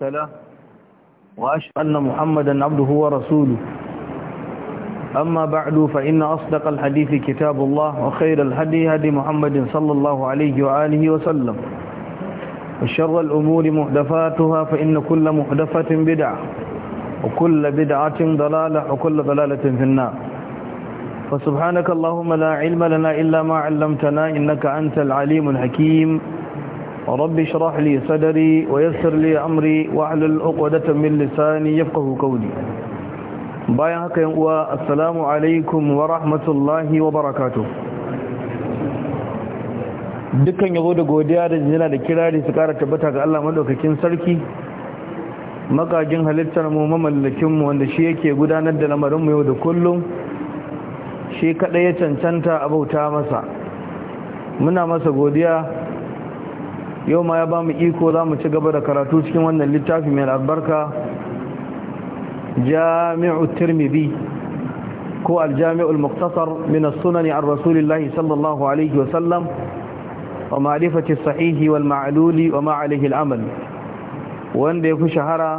سلام وأشهد أن محمدا عبده ورسوله أما بعد فإن أصدق الحديث كتاب الله وخير الهدي هدي محمد صلى الله عليه وآله وسلم وشر الأمور محدثاتها فإن كل محدثة بدعة وكل بدعة ضلالة وكل ضلالة في النار فسبحانك اللهم لا علم لنا إلا ما علمتنا إنك أنت العليم الحكيم رب اشرح لي صدري ويسر لي أمري واحلل عقدة من لساني يفقه قولي bayan haka yan uwa assalamu alaikum wa rahmatullahi wa barakatuh dukkan yabo da godiya da jina da kirari su kara tabbata ga Allah madaukakin sarki makajin halittar mu mamallakin mu wanda shi yake gudanar da lamarin mu yau da kullum shi kada ya cancanta abauta masa muna masa godiya yau ma ya ba mu iko za mu ci gaba da karatu cikin wannan littafi mai albarka jami'u tirmidhi ko aljami'ul muktasar min as-sunani an rasulillahi sallallahu alaihi wa sallam wa ma'rifati sahihi wal ma'luli wa ma alaihi al-amal wanda yafi shahara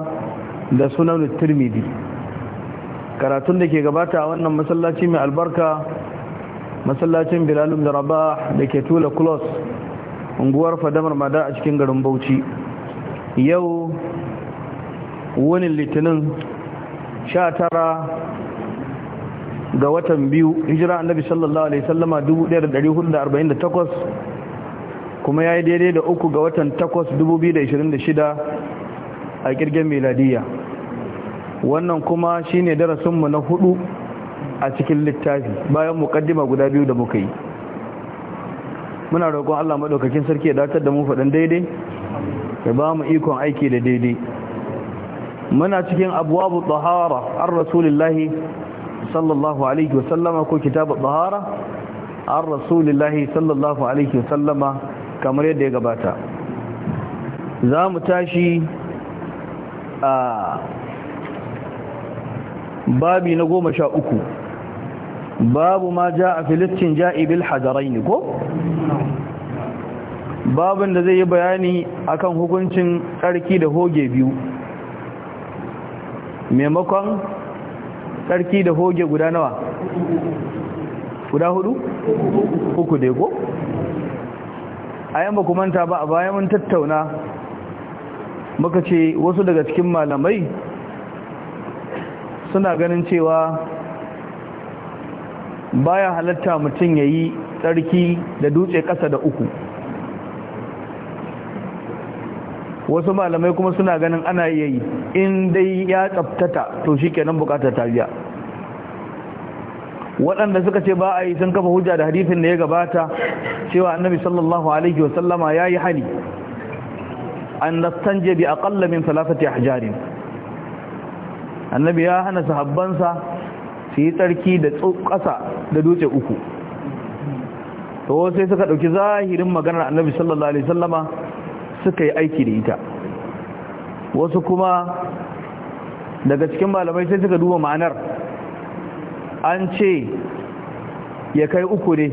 da sunan tirmidhi karatun da ke gabata a wannan masallaci mai albarka masallacin Bilal ibn Rabah da ke Tula Close unguwar fadamar mada a cikin garin bauchi yau wani litinin 19 ga watan biyu hijira annabi sallallahu alaihi sallama 1448 kuma ya yi daidai da uku ga watan 8 2026 a kirgin meladiya wannan kuma shine darasinmu na hudu a cikin littafi bayan mukaddima guda biyu da muka yi muna roƙon Allah maɗaukakin sarki ya datar da mu faɗin daidai ya ba mu ikon aiki da daidai muna cikin abuwabu tsahara an rasulillahi sallallahu alaihi wasallama ko kitabu tsahara an rasulillahi sallallahu alaihi wasallama kamar yadda ya gabata za mu tashi a babi na goma sha uku babu ma ja a filistin ja'i bil hadarai ne ko? babin da zai yi bayani akan hukuncin tsarki da hoge biyu maimakon tsarki da hoge guda nawa guda hudu? uku dai ko? a yamma kumanta ba a bayan mun tattauna muka ce wasu daga cikin malamai suna ganin cewa baya halatta mutum ya yi tsarki da dutse ƙasa da uku wasu malamai kuma suna ganin ana iya yi in dai ya tsaftata to shi kenan bukatar biya. waɗanda suka ce ba a yi sun kafa hujja da hadifin da ya gabata cewa annabi sallallahu alaihi wasallama ya yi hali an nastanje bi aƙalla min salafati ahjarin annabi ya hana sahabbansa su yi tsarki da ƙasa da dutse uku to sai suka ɗauki zahirin maganar annabi sallallahu alaihi sallama suka yi aiki da ita wasu kuma daga cikin malamai sai suka duba ma'anar an ce ya kai uku ne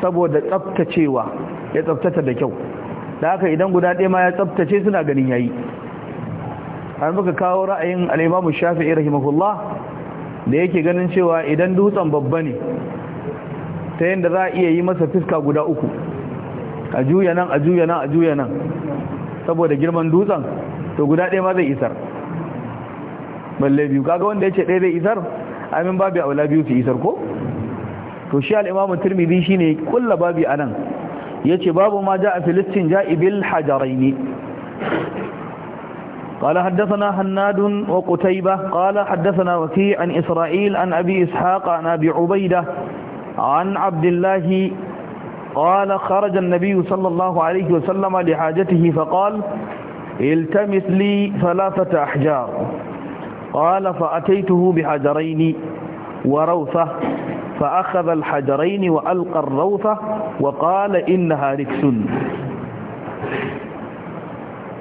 saboda tsabtacewa ya tsabtata da kyau da haka idan guda ɗaya ma ya tsabtace suna ganin yayi an muka kawo ra'ayin al'imamu shafi'i rahimahullah da yake ganin cewa idan dutsen babba ne ta yadda za a iya yi masa fiska guda uku a juya nan a juya nan a juya nan saboda girman dutsen to guda ɗaya ma zai isar balle biyu kaga wanda ya ce ɗaya zai isar amin babi wula biyu su isar ko to shi al'imamu turmidi shi ne kulla babi a nan ya ce babu ma ja a filistin ja'ibil hajjarai ne قال حدثنا هناد وقتيبة قال حدثنا وكيع عن إسرائيل عن أبي إسحاق عن أبي عبيدة عن عبد الله قال خرج النبي صلى الله عليه وسلم لحاجته فقال التمس لي ثلاثة أحجار قال فأتيته بحجرين وروثة فأخذ الحجرين وألقى الروثة وقال إنها ركس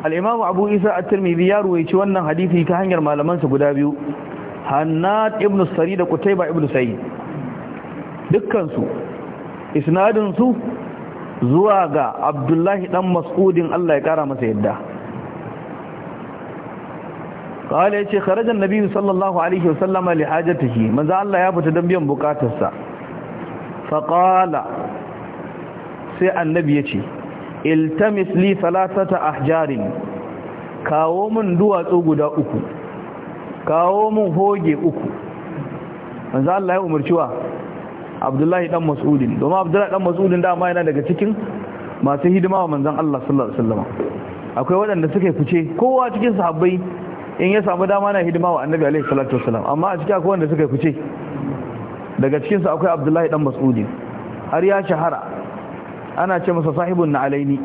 al abu isa a tirmidhi ya ruwaici wannan hadisi ta hanyar malamansa guda biyu hannad ibn sari da qutayba ibn sa'id dukkansu isnadinsu zuwa ga abdullahi dan mas'udin Allah ya kara masa yadda kala yace kharaja annabi sallallahu alaihi wasallama li hajatihi manzo Allah ya fita dan biyan bukatarsa fa sai annabi ce. iltamis li salasata ahjarin kawo mun duwatsu guda uku kawo mun hoge uku manzo Allah ya wa Abdullahi dan Mas'udin domin Abdullahi dan Mas'udin ma yana daga cikin masu hidima wa manzon Allah sallallahu alaihi wasallam akwai waɗanda suka fice kowa cikin sahabbai in ya samu dama na hidima wa annabi alaihi salatu wasallam amma a cikin akwai wanda suka fice daga cikin su akwai Abdullahi dan Mas'udin har ya shahara ana ce masa sahibun na alaini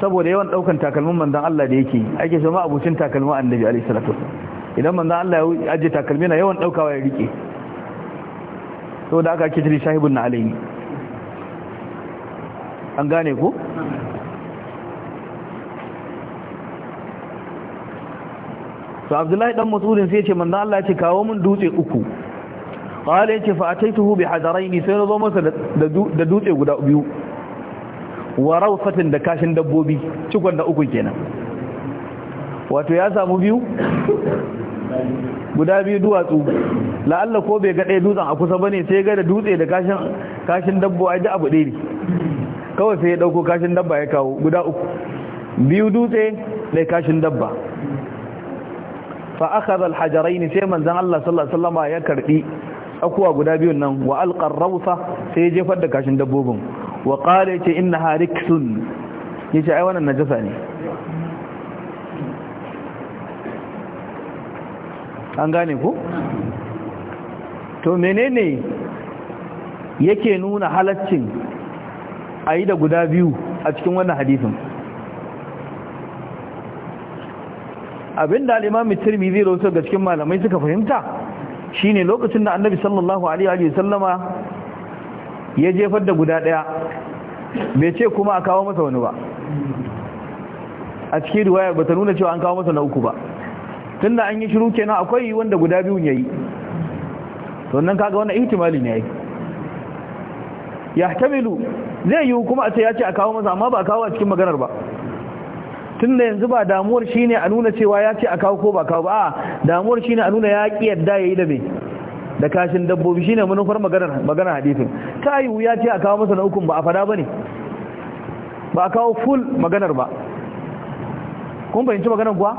saboda yawan daukan takalmin manzon Allah da yake ake ce ma abucin takalmin annabi alaihi salatu idan manzon Allah ya aje takalmi na yawan daukawa ya rike da aka ake sahibun na alaini an gane ku to abdullahi dan masudin sai ya ce manzo Allah ya ce kawo mun dutse uku qala ya ce fa ataituhu bi hadaraini sai na zo masa da dutse guda biyu wa raufatin da kashin dabbobi cikon da uku kenan wato ya samu biyu guda biyu duwatsu la'alla ko bai ga ɗaya dutsen a kusa ba ne sai ga da dutse da kashin kashin dabbo ai da abu ɗaya ne kawai sai ya ɗauko kashin dabba ya kawo guda uku biyu dutse da kashin dabba fa akhadha al-hajarayn sai manzon Allah sallallahu alaihi ya karbi akuwa guda biyun nan wa alqar rawsa sai ya jefar da kashin dabbobin wa ce ina innaha sun yace ai wannan jasa ne an gane ku? to menene yake nuna halaccin a yi da guda biyu a cikin wannan Abin da al-imam zai tirmidhi rawaito ga cikin malamai suka fahimta shine lokacin da annabi sallallahu alaihi wa ya jefar da guda daya bai ce kuma a kawo masa wani ba a cikin ruwaya ba ta nuna cewa an kawo masa na uku ba da an yi shiru kenan akwai wanda guda biyun yi sannan kaga wannan ihtimali ne yayi Milu zai yi kuma a ce ya ce a kawo masa amma ba a kawo a cikin maganar ba tun da yanzu ba damuwar shine a nuna cewa ya ce a kawo ko ba kawo ba a damuwar shine a nuna ya ƙi yadda yi da mai da kashin dabbobi shine manufar maganar magana hadisin kai yi wuya ce a kawo masa na hukun ba a fada bane ba a kawo full maganar ba kun fahimci maganar kuwa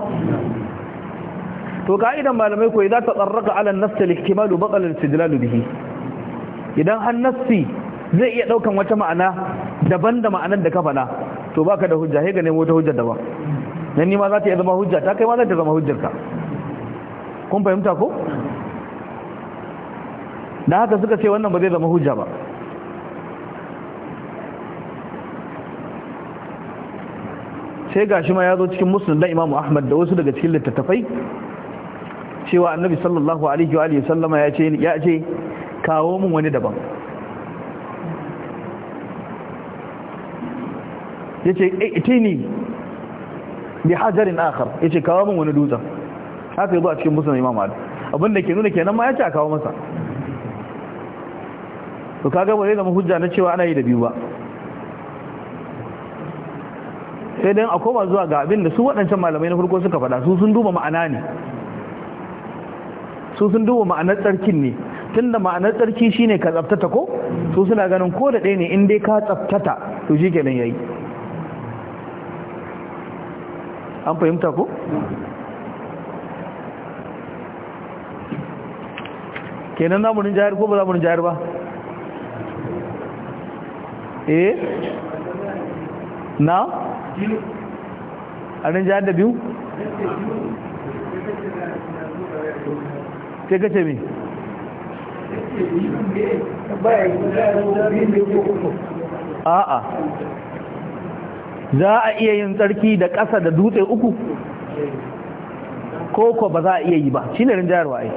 to ka'idan malamai ko idan ta tsarraka ala nafsi al-ihtimalu baqal al-istidlal bihi idan an nafsi zai iya daukan wata ma'ana daban da ma'anar da ka fada to baka da hujja sai ga nemo ta hujjar daban nan ni ma za ta iya zama hujja ta kai ma za ta zama hujjarka kun fahimta ko da haka suka ce wannan ba zai zama hujja ba sai gashi ma ya zo cikin musulun na imamu ahmad da wasu daga cikin littattafai cewa annabi sallallahu alaihi wa sallama ya ce ya ce kawo mun wani daban ya ce eh, itini bi hajarin akhar ya ce kawo mun wani dutsen haka yi a cikin musulun imamu ahmad abinda ke nuna kenan ma ya ce a kawo masa to kaga ba zai zama hujja na cewa ana yi da biyu ba sai dai a koma zuwa ga abin da su waɗancan malamai na farko suka faɗa su sun duba ma'ana ne su sun duba ma'anar tsarkin ne tunda ma'anar tsarki shine ka tsaftata ko su suna ganin ko da ɗaya ne in dai ka tsaftata to shi kenan yayi an fahimta ko kenan namurin jayar ko ba namurin jayar ba eh na a rinjayar da biyu sai kace me a'a za a iya yin tsarki da ƙasa da dutse uku ko ba za a iya yi ba shi ne rinjayar ai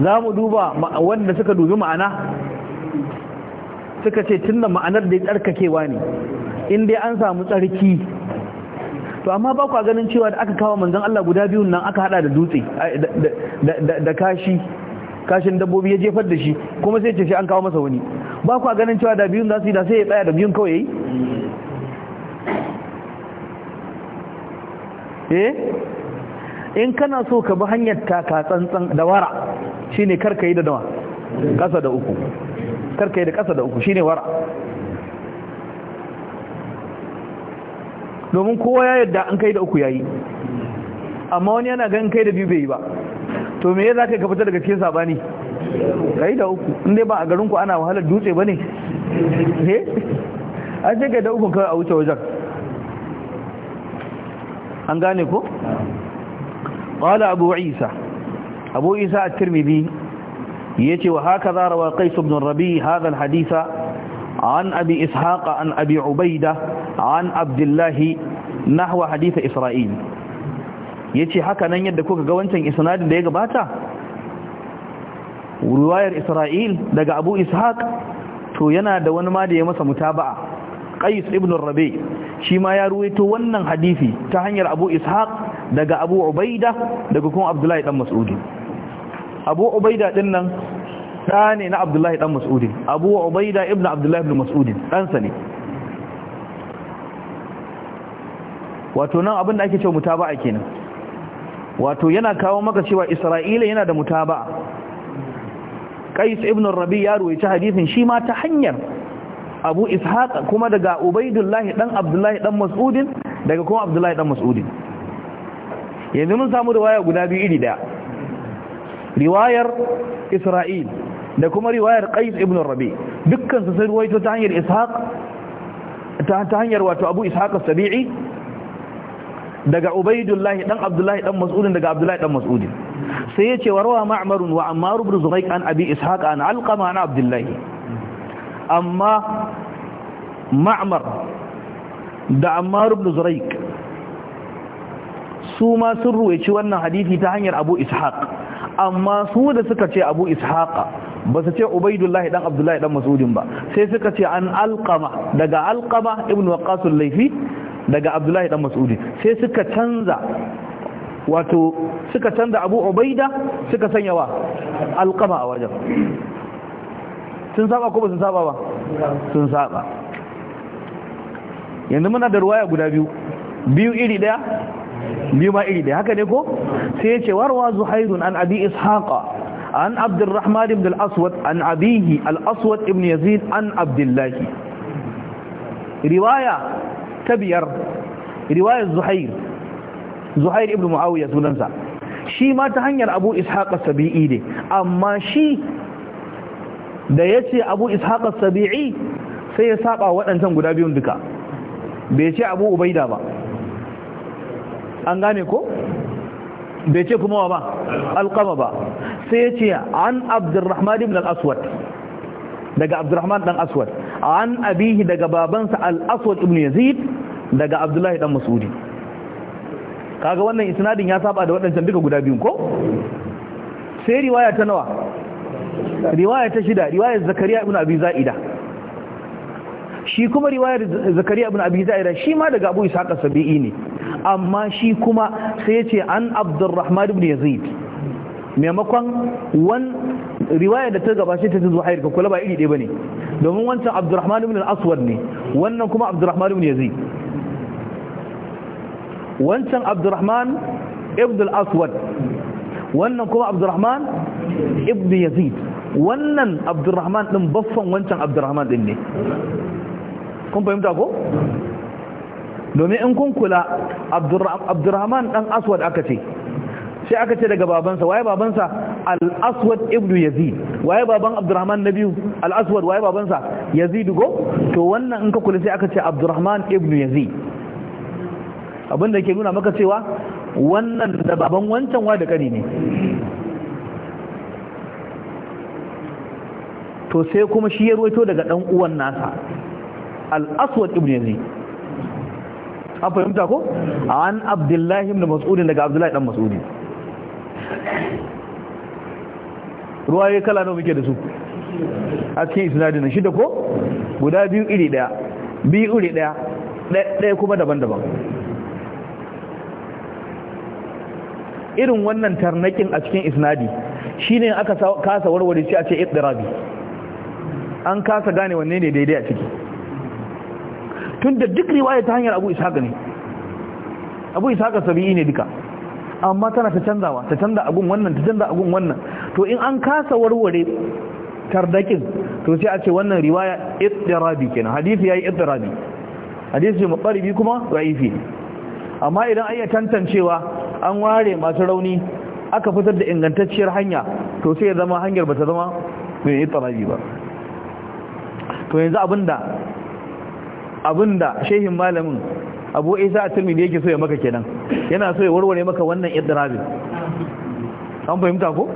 za mu duba wanda suka dubi ma'ana suka ce tun da ma'anar da ya tsarkakewa ne in dai an samu tsarki to amma ba kwa ganin cewa da aka kawo manzan Allah guda biyun nan aka hada da dutse da kashi kashin dabbobi ya jefar da shi kuma sai ce shi an kawo masa wani ba kwa ganin cewa da biyun za su yi da sai ya tsaya da biyun kawai Eh? in kana so ka bi hanyar taka tsantsan da wara shine karka yi da dawa kasa da uku karka yi da kasa da uku shine wara domin kowa ya yadda an kai da uku yayi amma wani yana gan kai da biyu bai yi ba to me za ka ka fita daga cikin sabani kai da uku inda ba a garinku ana wahalar dutse ba ne he eh? an ce kai da uku kawai a wuce wajen an gane ko qala abu isa abu isa at-tirmidhi yace wa haka za rawa qais ibn rabi hadha al-haditha an abi ishaq an abi ubaida an abdullah nahwa hadith isra'il yace haka nan yadda kuka ga wancan isnadin da ya gabata ruwayar isra'il daga abu ishaq to yana da wani ma da ya masa mutaba'a qais ibn rabi shi ma ya ruwaito wannan hadisi ta hanyar abu ishaq daga abu ubaida daga kuma abdullahi dan mas'udi abu ubaida din nan da ne na abdullahi dan mas'udi abu ubaida ibn abdullahi ibn mas'udi sa ne wato nan abin da ake cewa mutaba'a kenan wato yana kawo maka cewa isra'ila yana da mutaba'a qais ibn rabi ya ruwaita hadisin shi ma ta hanyar abu ishaq kuma daga ubaidullahi dan abdullahi dan mas'udin daga kuma abdullahi dan mas'udin yanzu mun samu riwaya guda biyu iri daya riwayar isra'il da kuma riwayar qais ibn rabi dukkan su sai ruwaito ta hanyar ishaq ta hanyar wato abu ishaq as-sabi'i daga ubaidullahi dan abdullahi dan mas'udin daga abdullahi dan mas'udin sai yace ce wa rawa ma'mar wa ammar ibn zubayq an abi ishaq an alqama an abdullahi amma ma'amar da amma ibn zuraik su ma sun ruwaici wannan hadithi ta hanyar abu ishaq amma su da suka ce abu ishaqa ba su ce ubaidullahi dan abdullahi dan mas'udin ba sai suka ce an alqama daga alqama ibn waqqas laifi daga abdullahi dan mas'udin sai suka canza wato suka canza abu ubaida suka sanya wa alqama a wajen sun saba ko ba sun saba ba sun saba yanzu muna da ruwaya guda biyu biyu iri daya biyu ma iri daya haka ne ko sai ya ce warwa zuhairun an abi ishaqa an abdurrahman ibn al-aswad an abihi al-aswad ibn yazid an abdullahi riwaya ta biyar riwaya zuhair zuhair ibn muawiya sunansa shi ma ta hanyar abu Ishaqa sabi'i ne amma shi da ya ce abu ishaƙar sabi'i sai ya saba waɗancan guda biyun duka bai ce abu ubaida ba an gane ko bai ce kuma ba alƙama ba sai ya ce an abdurrahman ibn al-aswad daga abdurrahman ɗan aswad an abihi daga babansa al-aswad ibn yazid daga abdullahi ɗan mas'udi kaga wannan isnadin ya saba da waɗancan duka guda biyun ko sai riwaya ta nawa riwaya ta shida riwayar zakariya ibn abi za'ida shi kuma riwayar zakariya ibn abi za'ida shi ma daga abu ishaq sabi'i ne amma shi kuma sai ya ce an abdurrahman ibn yazid maimakon wan riwaya da ta gabace ta zuhair ka kula ba iri ɗaya bane domin wancan abdurrahman ibn al-aswad ne wannan kuma abdurrahman ibn yazid wancan abdurrahman ibn al-aswad wannan kuma abdurrahman ibn yazid wannan abdurrahman din baffan wancan abdurrahman din ne kun fahimta ko domin in kun kula abdurrahman dan aswad aka ce sai aka ce daga babansa waye babansa al-aswad ibnu yazid waye baban abdurrahman na biyu al-aswad waye babansa yazid go to wannan in ka kula sai aka ce abdurrahman ibnu yazid abinda ke nuna maka cewa wannan da baban wancan wa da kani ne to sai kuma shi ya ruwaito daga dan uwan nasa al-aswad ibn yazid an fahimta ko an abdullahi ibn mas'ud daga abdullahi dan mas'ud ruwaye kala nawa muke da su a cikin isnadin shida ko guda biyu iri daya biyu iri daya daya kuma daban-daban irin wannan tarnakin a cikin isnadi shine aka kasa warware shi a ce iddirabi an kasa gane wanne ne daidai a ciki tun da duk riwaya ta hanyar abu ishaq ne abu ishaq sabi'i ne duka amma tana ta canzawa ta canza agun wannan ta canza agun wannan to in an kasa warware tardakin to sai a ce wannan riwaya ittirabi kenan hadisi yayi ittirabi hadisi muqaribi kuma ra'ifi amma idan ayi tantancewa an ware masu rauni aka fitar da ingantacciyar hanya to sai ya zama hanyar bata zama mai ittirabi ba to yanzu abinda abinda shehin malamin abu isa a tilmi da yake so ya maka kenan yana so ya warware maka wannan idrabin an fahimta ko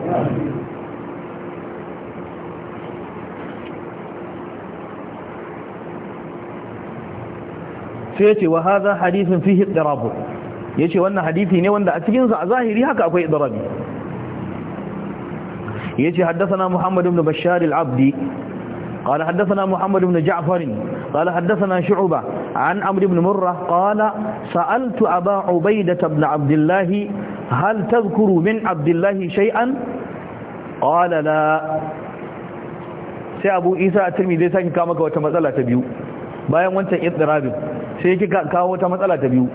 sai ya ce wa haza hadisin fihi idrabu ya ce wannan hadisi ne wanda a cikinsa a zahiri haka akwai idrabi ya ce haddasa na muhammadu da bashar al-abdi قال حدثنا محمد بن جعفر قال حدثنا شعبة عن عمرو بن مرة قال سألت أبا عبيدة بن عبد الله هل تذكر من عبد الله شيئا قال لا sai abu isa a turmi zai sake kawo maka wata matsala ta biyu bayan wancan itirabin sai yake kawo wata matsala ta biyu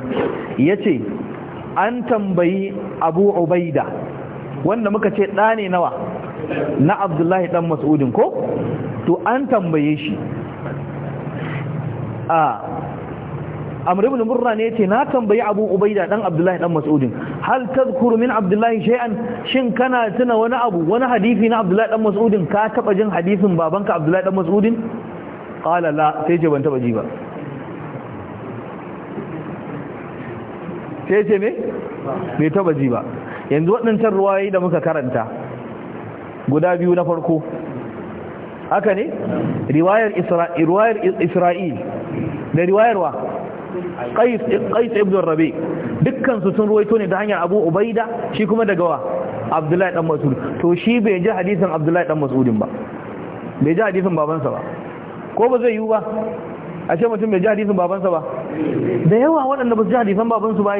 ya ce an tambayi abu ubaida wanda muka ce ɗa ne nawa na abdullahi dan mas'udin ko to an tambaye shi a amr ibn murra ne yace na tambayi abu ubaida dan abdullahi dan mas'udin hal tadhkuru min abdullahi shay'an shin kana tuna wani abu wani hadisi na abdullahi dan mas'udin ka taba jin hadisin babanka abdullahi dan mas'udin qala la sai je ban taba ji ba sai ce me Me taba ji ba yanzu waɗancan ruwayoyi da muka karanta guda biyu na farko haka ne riwayar isra'il da riwayarwa qais ibn rabe dukkan su sun ruwaito ne da hanyar abu ubaida shi kuma daga wa abdullahi dan mas'ud to shi bai ji hadisin abdullahi dan mas'udin ba bai ji hadisin babansa ba ko ba zai yi ba a ce mutum bai ji hadisin babansa ba da yawa waɗanda ba su ji hadisan babansu ba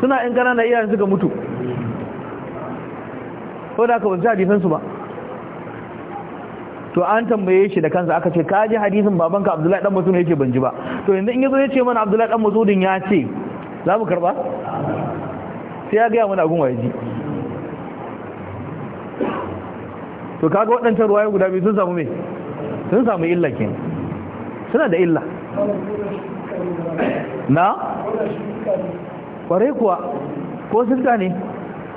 suna yan ƙanana iyayen suka mutu ko da ka ba su ji hadisansu ba to an tambaye shi da kansa aka ce ka ji hadisin babanka abdullahi dan Mas'ud yake ban ji ba to yanzu in yazo ya ce mana abdullahi dan Mas'ud ya ce za mu karba sai ya gaya mana agun waye ji to kaga waɗancan ruwaye guda biyu sun samu me sun samu illa kin suna da illa na kware kuwa ko sirka ne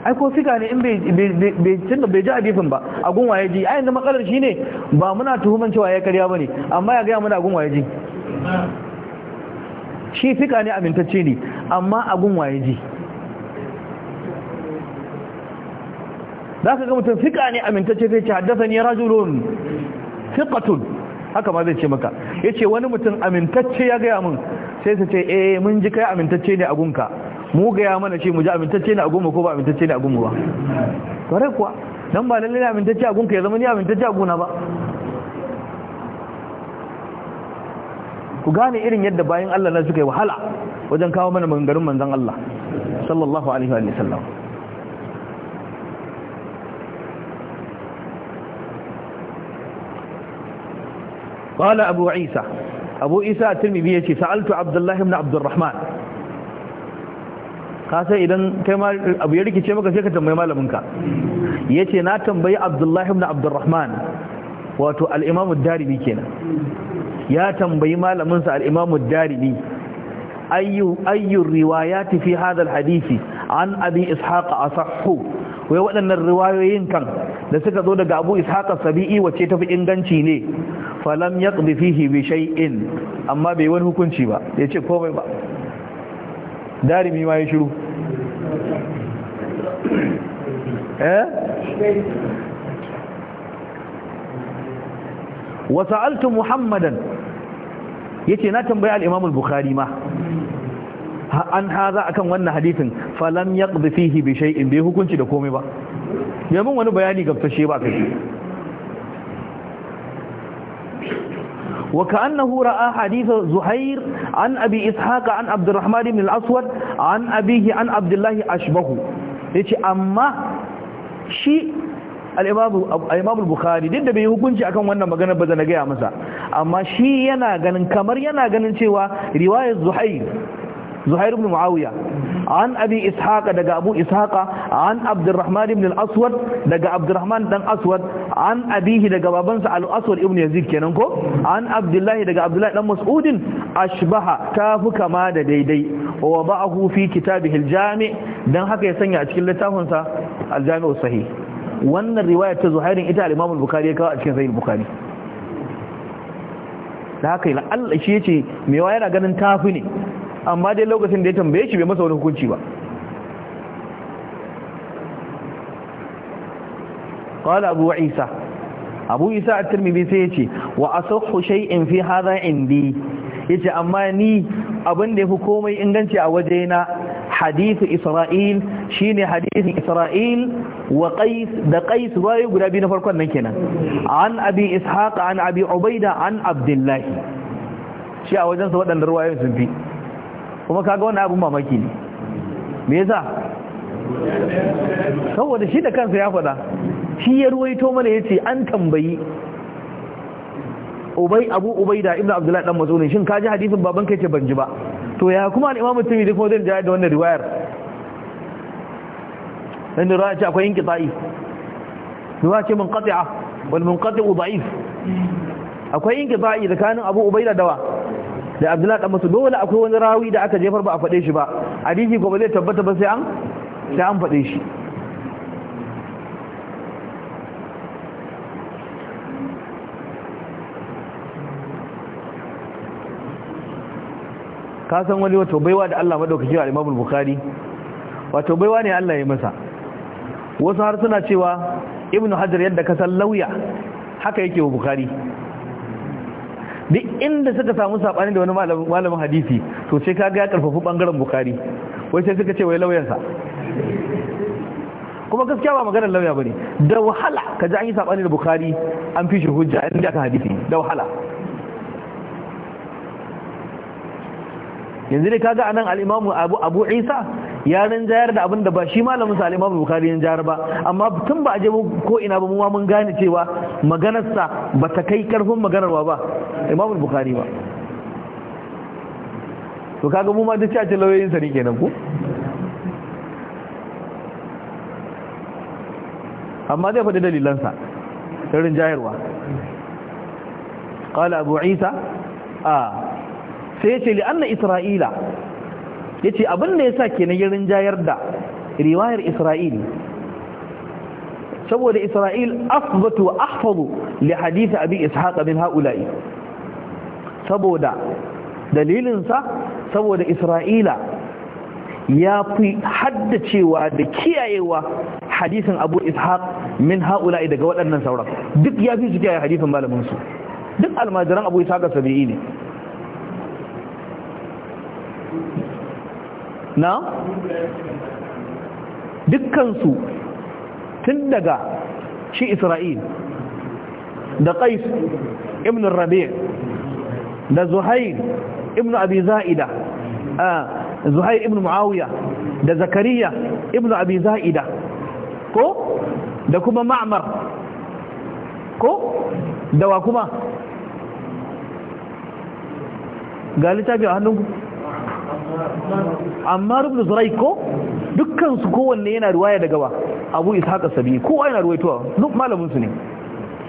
ai ko fika ne in bai tunda bai ji hadisin ba a gun ya ji ai yanzu matsalar shine ba muna tuhuman cewa ya karya bane amma ya gaya mana a gun ya ji shi fika ne amintacce ne amma a gun ya ji za ka ga mutum fika ne amintacce sai ce haddasa ne rajulun fiqatun haka ma zai ce maka yace wani mutum amintacce ya gaya mun sai su ce eh mun ji kai amintacce ne a gunka mu ga ya mana shi mu ji amintacce ne a gunmu ko ba amintacce ne a gunmu ba kare kuwa dan ba lalle ne amintacce a gunka ya zama ni amintacce a gona ba ku gane irin yadda bayan Allah na suka yi wahala wajen kawo mana maganganun manzon Allah sallallahu alaihi wa sallam قال أبو عيسى أبو عيسى الترمذي يقول سألت عبد الله بن عبد الرحمن ka san idan kai ma abu ya rikice maka sai ka tambayi malamin ka yace na tambayi Abdullahi ibn Abdurrahman wato al-Imam ad-Darimi kenan ya tambayi malamin sa al-Imam ad-Darimi ayyu ayyu riwayat fi hadha al-hadisi an abi ishaq asahhu wai waɗannan riwayoyin kan da suka zo daga abu ishaq sabi'i wacce tafi inganci ne falam yaqdi fihi bi shay'in amma bai wani hukunci ba yace komai ba darimi ma ya shiru eh wa sa'altu muhammadan yace na tambaya al-imam al-bukhari ma an haza akan wannan hadisin falam yaqdi fihi bi shay'in bai hukunci da komai ba yamin wani bayani gasashe ba kai وكأنه رأى حديث زهير عن أبي إسحاق عن عبد الرحمن بن الأسود عن أبيه عن عبد الله أشبه yace amma shi al-Imam al duk da bai hukunci akan wannan magana ba zan ga masa amma shi yana ganin kamar yana ganin cewa riwayar Zuhair zuhair ibn muawiya an abi ishaqa daga abu ishaqa an abdurrahman ibn al-aswad daga abdurrahman dan aswad an abihi daga babansa al-aswad ibn yazid kenan ko an abdullahi daga abdullahi dan mas'udin ashbaha tafi kama da daidai oba ba'ahu fi kitabihi al-jami' haka ya sanya a cikin littafinsa al-jami'u sahih wannan riwaya ta zuhairin ita al bukari al-bukhari ya kawo a cikin sahih al da haka ila Allah shi yace me wa yana ganin tafi ne amma dai lokacin da ya tambaye shi bai masa wani hukunci ba qala abu isa abu isa at-tirmidhi sai yace wa asahhu shay'in fi hadha indi yace amma ni abin da yafi komai inganci a wajena hadith isra'il shine hadith isra'il wa qais da qais wai guda biyu na farkon nan kenan an abi ishaq an abi ubaida an abdullahi shi a wajensa waɗanda ruwayoyin sun fi kuma kaga wannan abin mamaki ne me yasa saboda shi da kansa ya faɗa shi ya ruwaito mana yace an tambayi Ubay Abu Ubaida Ibn Abdullah dan mazuni shin ka ji hadisin baban kai ce ban ji ba to ya kuma al-Imam Tirmidhi ko zan da wannan riwayar dan riwaya ce akwai inqita'i riwaya ce munqati'a wal munqati'u da'if akwai inqita'i tsakanin Abu Ubaida dawa da abdullahi dan masu dole akwai wani rawi da aka jefar ba a faɗe shi ba hadisi ko ba zai tabbata ba sai an sai an faɗe shi ka san wani wato baiwa da Allah madaukaki wa Imam Bukhari wato baiwa ne Allah ya masa wasu har suna cewa Ibn Hajar yadda ka san lauya haka yake wa Bukhari duk inda suka samu sabani da wani malamin hadisi to sai kaga ya karfafi bangaren bukari wai sai suka ce wai lauyansa kuma gaskiya ba maganar lauya bane da wahala kaji an yi sabani da bukari an fi shi hujja an aka hadisi da wahala yanzu dai kaga anan al-imamu abu abu isa ya rinjayar da abin da ba shi malamin sa Imam bukari ya jayar ba amma tun ba a je ko ina ba mu mun gane cewa maganarsa ba ta kai karfin maganarwa ba Imam bukari ba to kaga mu ma duk ce lauyoyin sa ne kenan ku? amma zai faɗi dalilansa irin jayarwa ƙala abu isa a ah, sai ce li'anna isra'ila ya ce abin da ya sa ke na jayar da riwayar isra'il saboda isra'il afbatu wa ahfadu li haditha abi ishaq min haula'i saboda dalilinsa saboda isra'ila ya fi haddacewa da kiyayewa hadisin abu ishaq min haula'i daga waɗannan sauran duk ya fi su kiyaye hadisin malaminsu duk almajiran abu ishaq sabi'i ne na dukkansu tun daga shi isra'il da qais ibn rabi' da zuhair ibn abi za'ida zuhair ibn da zakariya ibn abi za'ida ko da kuma ma'mar ko da wa kuma ga littafi a hannunku amma rubin zurai ko dukkansu kowanne yana ruwaya daga ba abu ishaq sabi kowa yana ruwaituwa duk malaminsu ne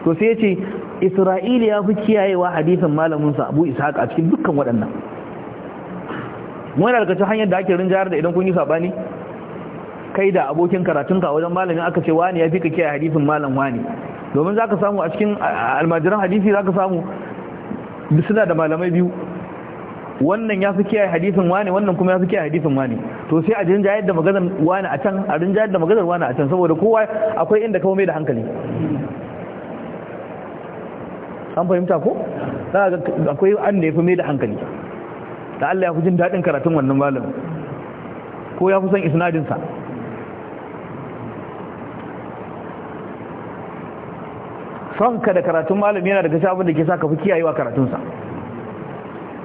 to sai yace isra'ila ya fi kiyayewa hadisan malaminsu abu ishaq a cikin dukkan waɗannan Wani daga hanyar da ake rinjayar da idan kun yi sabani kai da abokin karatunka wajen malamin aka ce wani ya fi ka kiyaye hadisin malam wani domin za ka samu a cikin almajiran hadisi ka samu suna da malamai biyu wannan ya fi kiyaye hadisin wani wannan kuma ya fi kiyaye hadisin wani to sai a jinja yadda maganar wani a can a rinja yadda maganar wani a can saboda kowa akwai inda kawo mai da hankali an fahimta ko ga akwai an da ya fi mai da hankali da Allah ya fi jin daɗin karatun wannan malam ko ya fi son isnadinsa son ka da karatun malam yana daga shi abin da ke sa ka fi kiyayewa karatunsa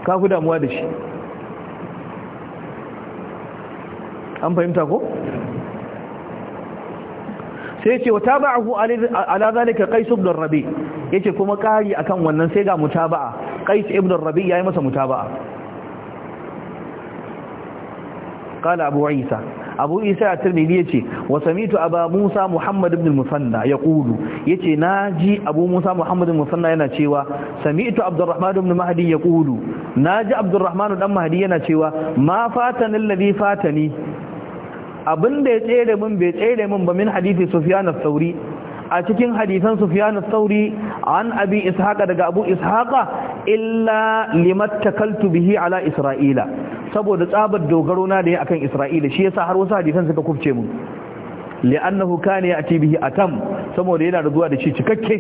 ka fi damuwa da shi an fahimta ko sai ce wata ba'ahu ala zalika qais ibn rabi yace kuma kari akan wannan sai ga mutaba'a qais ibn rabi yi masa mutaba'a qala abu isa abu isa a tirmidhi yace wa samitu aba musa muhammad ibn musanna yaqulu yace naji abu musa muhammad ibn musanna yana cewa samitu abdurrahman ibn mahdi na ji abdurrahman dan mahdi yana cewa ma fatana alladhi fatani abinda ya tsere min bai tsere min ba min hadisi sufyan al-thawri a cikin hadisan sufyan al-thawri an abi ishaqa daga abu ishaqa illa takaltu bihi ala isra'ila saboda tsabar dogaro na da ya akan Isra'ila shi yasa har wasu hadisan suka kufce mu li'annahu kana ya'ti bihi atam saboda yana da zuwa da shi cikakke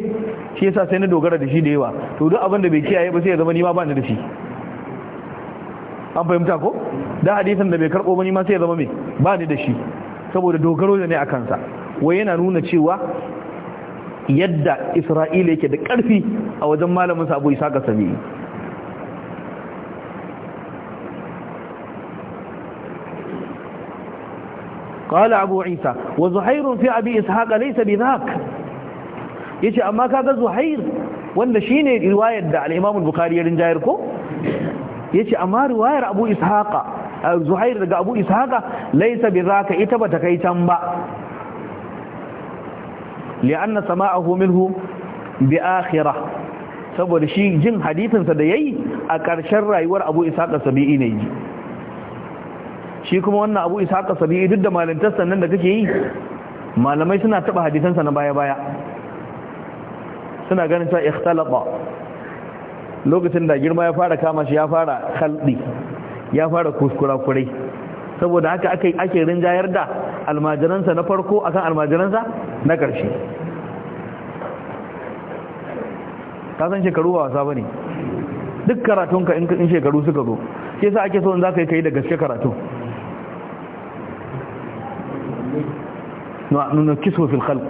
shi yasa sai na dogara da shi da yawa to duk abin da bai kiyaye ba sai ya zama ni ma ba ni da shi an fahimta ko da hadisin da bai karbo ba ni ma sai ya zama me ba ni da shi saboda dogaro da ne a kansa wai yana nuna cewa yadda Isra'ila yake da karfi a wajen malamin sa Abu Isa sami. qala abu isa wa zuhair fi abi ishaq laysa bidhak yace amma kaga zuhair wanda shine riwayar da al-imam al-bukhari ya rinjayar ko yace amma riwayar abu ishaqa zuhair daga abu ishaqa laysa ita ba ta kai can ba li'anna sama'ahu minhu bi akhirah saboda shi jin hadisin sa da yayi a ƙarshen rayuwar abu ishaqa sabi'i ne shi kuma wannan abu ishaqa sabi duk da malintar sannan da kake yi malamai suna taba hadisansa na baya-baya suna ganin cewa ikhtalata lokacin da girma ya fara kama shi ya fara kalbi ya fara kuskura kurai saboda haka ake ake rinjayar da almajiransa na farko akan almajiransa na karshe ka san shekaru ba wasa bane duk karatunka in shekaru suka zo ke sa ake so in za ka yi ka yi da gaske karatun ننكسه في الخلق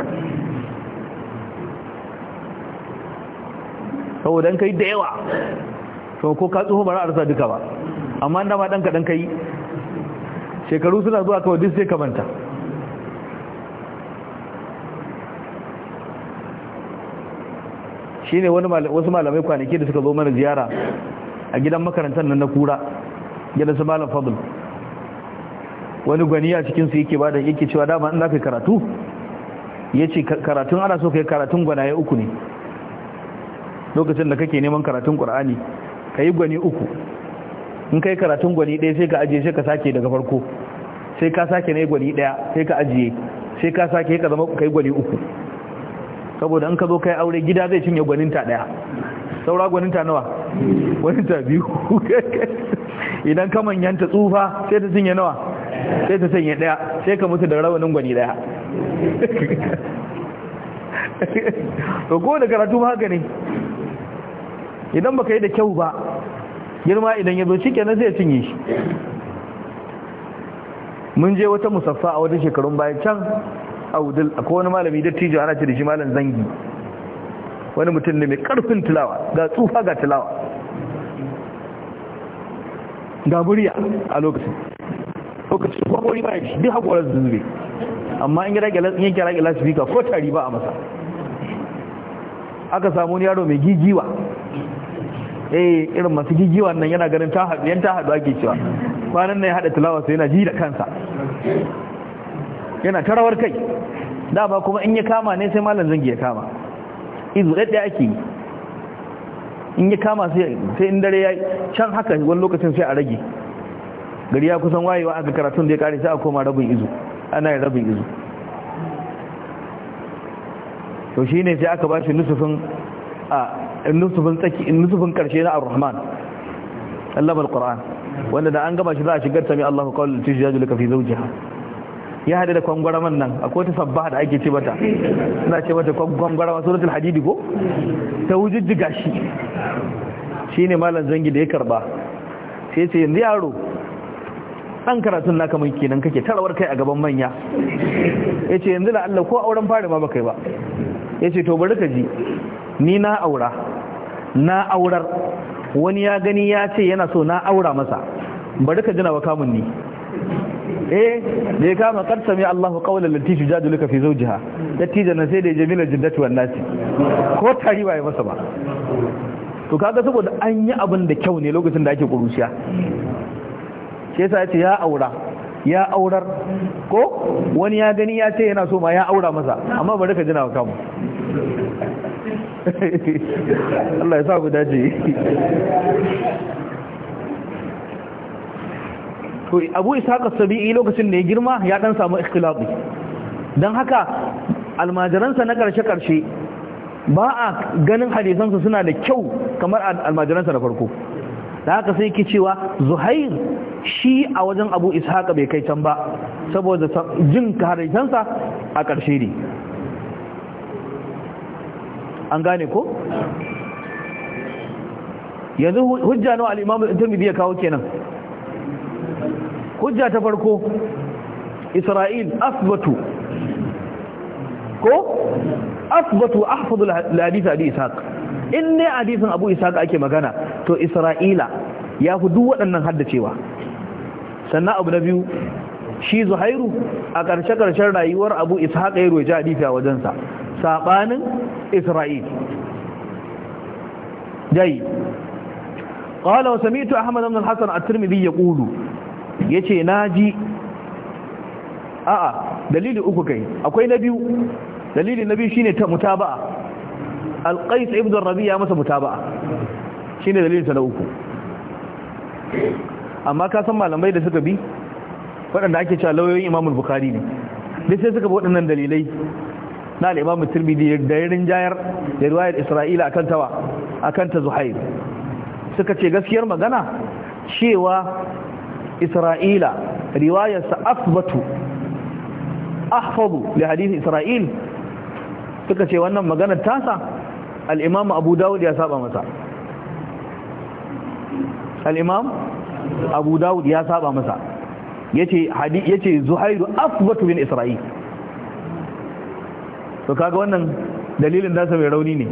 هو دانك kai da yawa to ko ka tsoho ba za a rasa duka ba amma da ma dan kaɗan kai shekaru suna zuwa kawai duk sai ka manta wasu malamai kwanaki da suka zo mana ziyara a gidan makarantar nan na kura gidan su malam fadl wani gwani a cikin su yake bada yake cewa dama an zafi karatu Ya ce karatun ana so kai karatun gwanaye uku ne lokacin da kake neman karatun ka yi gwani uku in kai karatun gwani ɗaya sai ka ajiye sai ka sake daga farko sai ka sake na yi gwani ɗaya sai ka ajiye sai ka sake ka zama kai gwani uku saboda in ka zo kai aure gida zai cinye gwaninta ɗaya saura gwaninta nawa gwaninta biyu idan ka manyanta tsufa sai ta cinye nawa sai ta sanya daya sai ka mutu da rawanin gwani daya to ko da karatu ba haka ne idan baka yi da kyau ba girma idan ya zo cike na ya cinye shi mun je wata musaffa a wata shekarun bayan can a wudul akwai wani malami dattijo ana ce da shi malam zangi wani mutum ne mai karfin tilawa ga tsufa ga tilawa ga murya a lokacin lokacin ni ba shi duk haƙorar zube. amma in yi kira gila ko tari ba a masa aka samu yaro mai gigiwa eh irin masu gigiwa nan yana ganin ta haɗu yan ta haɗu ake cewa kwanan na ya haɗa tilawa sai yana ji da kansa yana tarawar kai dama kuma in ya kama ne sai malam zangi ya kama izu ɗaɗɗe ake yi in ya kama sai in dare ya can haka wani lokacin sai a rage gari ya kusan wayewa aka karatun da ya kare sai a koma rabin izu ana yin rabin izu to shi ne sai aka ba shi nusufin nusufin karshe na ar-rahman allama al-qur'an wanda da an gaba shi za a shigar sami allahu kawai ya laka fi zawjiha ya haɗe da kwangwaraman nan akwai ta sabba da ake ce mata suna ce mata kwangwarama suratul hadidi ko ta wujujjiga shi ne malar zangi da ya karba sai sai yanzu yaro an karatun naka mai kenan kake tarawar kai a gaban manya ya ce yanzu da Allah ko auren fari ma baka yi ba ya ce to bari ka ji ni na aura na aurar wani ya gani ya ce yana so na aura masa bari ka jina wa kamun ni eh da ya kama kad sami Allahu qawla allati tujadiluka fi zawjiha na sai da jamila jiddatu wan nasi ko tari ba ya masa ba to kaga saboda an yi abin da kyau ne lokacin da ake kurusiya shi yasa ya ce ya aura ya aurar ko wani ya gani ya ce yana so ma ya aura masa amma bari ka jina wa kamu Allah ya sa ku dace to Abu Ishaq sabii lokacin da ya girma ya dan samu ikhtilafi dan haka almajiransa na karshe-karshe ba a ganin hadisansa suna da kyau kamar almajiransa na farko da haka sai ki cewa zuhair shi a wajen abu ishaqa bai kai can ba saboda jin karaitansa a ƙarshe ne an gane ko yanzu hujja nawa al’imam imam al-tirmidhi ya kawo kenan hujja ta farko isra'il asbatu ko asbatu ahfadul hadith abi ishaq in ne a abu ishaq ake magana to isra'ila ya fi duk waɗannan haddacewa sannan abu na biyu shi zuhairu a ƙarshe-ƙarshen rayuwar abu ishaq ya roja hadisi a wajensa saɓanin isra'il jai mito قال وسمعت احمد بن الحسن الترمذي يقول yace naji a'a dalili uku kai akwai na biyu dalili na biyu shine ta mutaba'a al-qais ibn rabi ya masa mutaba'a Shi ne dalilinsa na uku amma ka san malamai da suka bi waɗanda ake cewa lauyoyin imamul bukari ne da sai suka bi waɗannan dalilai na al'imamu turmidi da ya rinjayar da ruwayar isra'ila akan tawa akan ta zuhair suka ce gaskiyar magana cewa isra'ila riwayarsa asbatu ahfadu li hadith isra'il suka ce wannan maganar tasa al'imamu abu dawud ya saba masa al-imam abu dawud ya saba masa yace ce yace zuhairu asbatu min isra'il to kaga wannan dalilin nasa mai rauni ne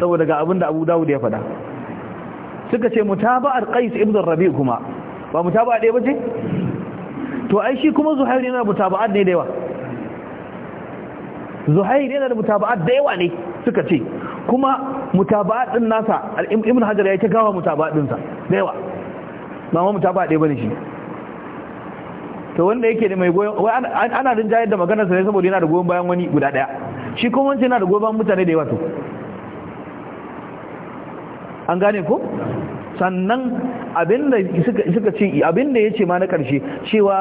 saboda ga abinda abu dawud ya faɗa suka ce mutaba'ar qais ibn rabi kuma ba mutaba'a ɗaya ce? to ai shi kuma zuhair yana mutaba'at ne da yawa zuhair yana da mutaba'at da yawa ne suka ce kuma mutaba'at din nasa ibn hajar ya kawo mutaba'at din sa daiwa yawa ba mu mutaba'a dai bane shi to wanda yake da mai goyon wai ana jin jayar da maganar sa ne saboda yana da goyon bayan wani guda daya shi kuma wancan yana da goyon bayan mutane da yawa to an gane ko sannan abin da suka ce da yace ma na karshe cewa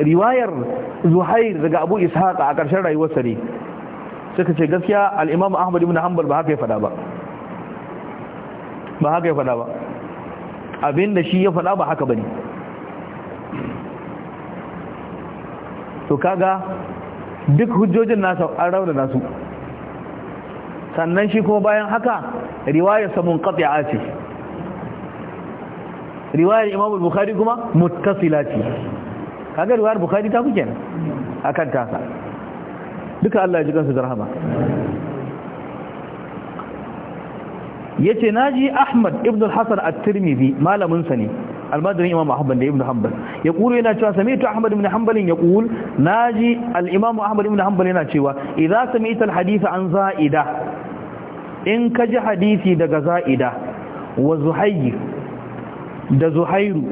riwayar Zuhair daga Abu Ishaq a karshen rayuwarsa ne suka ce gaskiya al-Imam Ahmad ibn Hanbal ba haka ya fada ba ba haka ya faɗa ba abinda shi ya faɗa ba haka ba ne to kaga duk hujjojin nasa an rauna nasu sannan shi kuma bayan haka riwayar samun kafi'a ce riwayar imamul bukhari kuma muttasila ce kaga riwayar bukhari ta kuke a kan tasa duka Allah ya ji kansu zarhama yace naji Ahmad ibn al-Hasan at-Tirmidhi malamin sa ne almadarin Imam Ahmad da Ibn Hanbal ya kuro yana cewa sami'tu Ahmad ibn Hanbal ya naji al-Imam Ahmad ibn Hanbal yana cewa idza sami'ta al-hadith an za'ida in ka ji hadisi daga za'ida wa zuhayr da zuhairu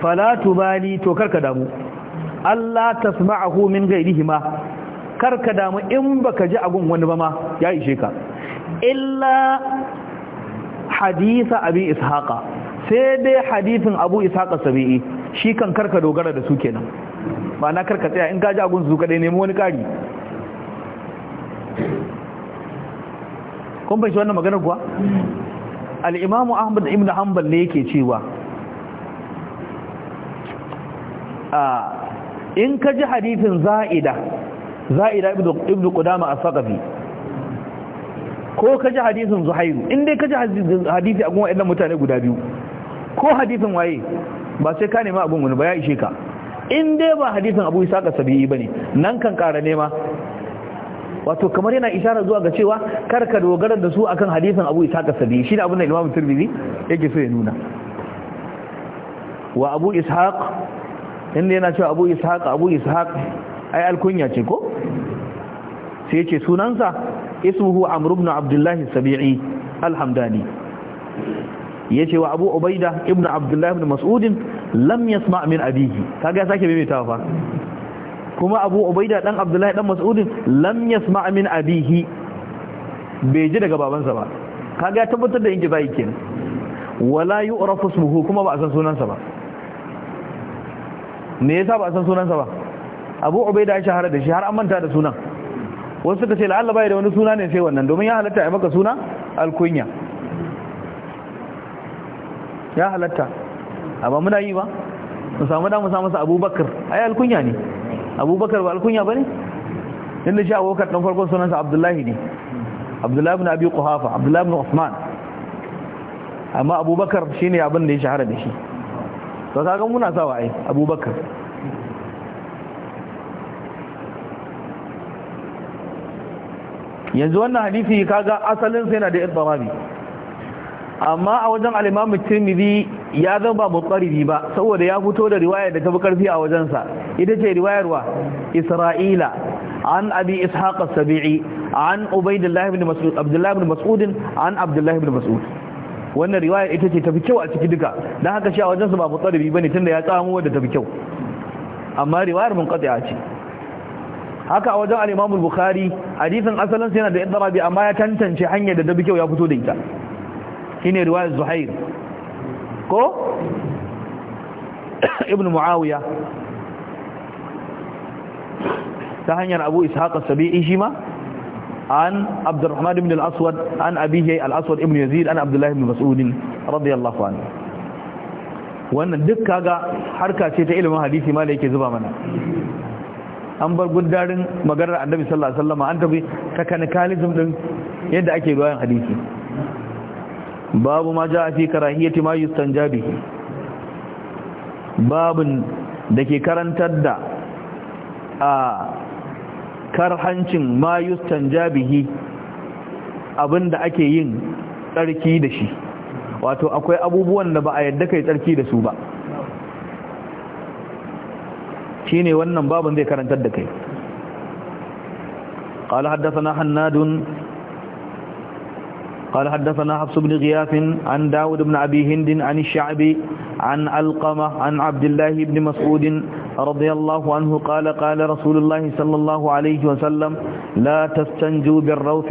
fala tubali to karka damu Allah tasma'ahu min ghairihi ma karka damu in baka ji agun wani ba ma ya ishe ka illa hadisa abi ishaqa sai dai hadisin abu ishaqa sabi'i shi kan karka dogara da su kenan ba na karka tsaya in ka ji agun su kadai nemi wani kari kun bai wannan maganar kuwa al-imam ahmad ibn hanbal ne yake cewa in ka ji hadithin za'ida za'ida ibn qudama a saqafi ko ka ji hadisin zuhairu in dai ka ji hadisi a kuma waɗannan mutane guda biyu ko hadisin waye ba sai ka nema abin wani ba ya ishe ka in dai ba hadisin abu isa ka sabi'i ba ne nan kan ƙara nema wato kamar yana isharar zuwa ga cewa karka dogara da su akan hadisin abu isa ka sabi'i shi ne abin da imamu turbizi yake so ya nuna wa abu ishaq inda yana cewa abu ishaq abu ishaq ai alkunya ce ko sai ya ce sunansa ismuhu amr ibn abdullah sabii alhamdani yace wa abu ubaida ibn abdullah ibn mas'ud lam yasma min abihi kaga sake mai tafa, kuma abu ubaida dan abdullah dan mas'ud lam yasma min abihi bai ji daga babansa ba kaga ya tabbatar da yanke bai kenan wala yu'rafu ismuhu kuma ba a san sunansa ba me yasa ba a san sunansa ba abu ubaida ya shahara da shi har an manta da sunan wasu suka ce la'alla bai da wani suna ne sai wannan domin ya halatta a maka suna alkunya ya halatta amma muna yi ba mu samu da mu samu sa abubakar ai alkunya ne abubakar ba alkunya ba ne inda shi abubakar ɗan farkon sunansa abdullahi ne abdullahi bin abi Kuhafa abdullahi bin usman amma abubakar shine abin da ya shahara da shi to kaga muna sawa ai abubakar yanzu wannan hadisi kaga asalin sai yana da idrabi amma a wajen al-Imam Tirmidhi ya zama mutsaribi ba saboda ya fito da riwaya da tafi karfi a wajensa ita ce riwayarwa Isra'ila an Abi Ishaq as-Sabi'i an Ubaydullah ibn Mas'ud Abdullah ibn Mas'ud an Abdullah ibn Mas'ud wannan riwaya ita ce tafi kyau a ciki duka dan haka shi a wajensa ba mutsaribi bane tunda ya tsamo da tafi kyau amma riwayar munqati'a ce haka a wajen Alimamul bukhari hadisin asalin sai yana da rabi amma ya tantance hanyar da dabi kyau ya fito da ita shine riwayar Zuhair ko ibn Muawiya ta hanyar Abu Ishaq as-Sabi'i shi ma an Abdurrahman ibn al-Aswad an abihi al-Aswad ibn Yazid an Abdullah ibn Mas'ud radiyallahu anhu wannan duk kaga harka ce ta ilimin hadisi ma da yake zuba mana an bar gudarin maganar annabi sallallahu alaihi wasallam an tafi takanikalizm din yadda ake bayan hadisi babu ma ja fi karahiyati ma yustanjabi babun dake karantar da a karhancin ma jabihi, abinda ake yin tsarki da shi wato akwai abubuwan da ba a yadda kai tsarki da su ba shine wannan babun zai karantar da kai قال حدثنا حناد قال حدثنا حفص بن غياث عن داود بن أبي هند عن الشعبي عن القمة عن عبد الله بن مسعود رضي الله عنه قال قال رسول الله صلى الله عليه وسلم لا تستنجوا بالروث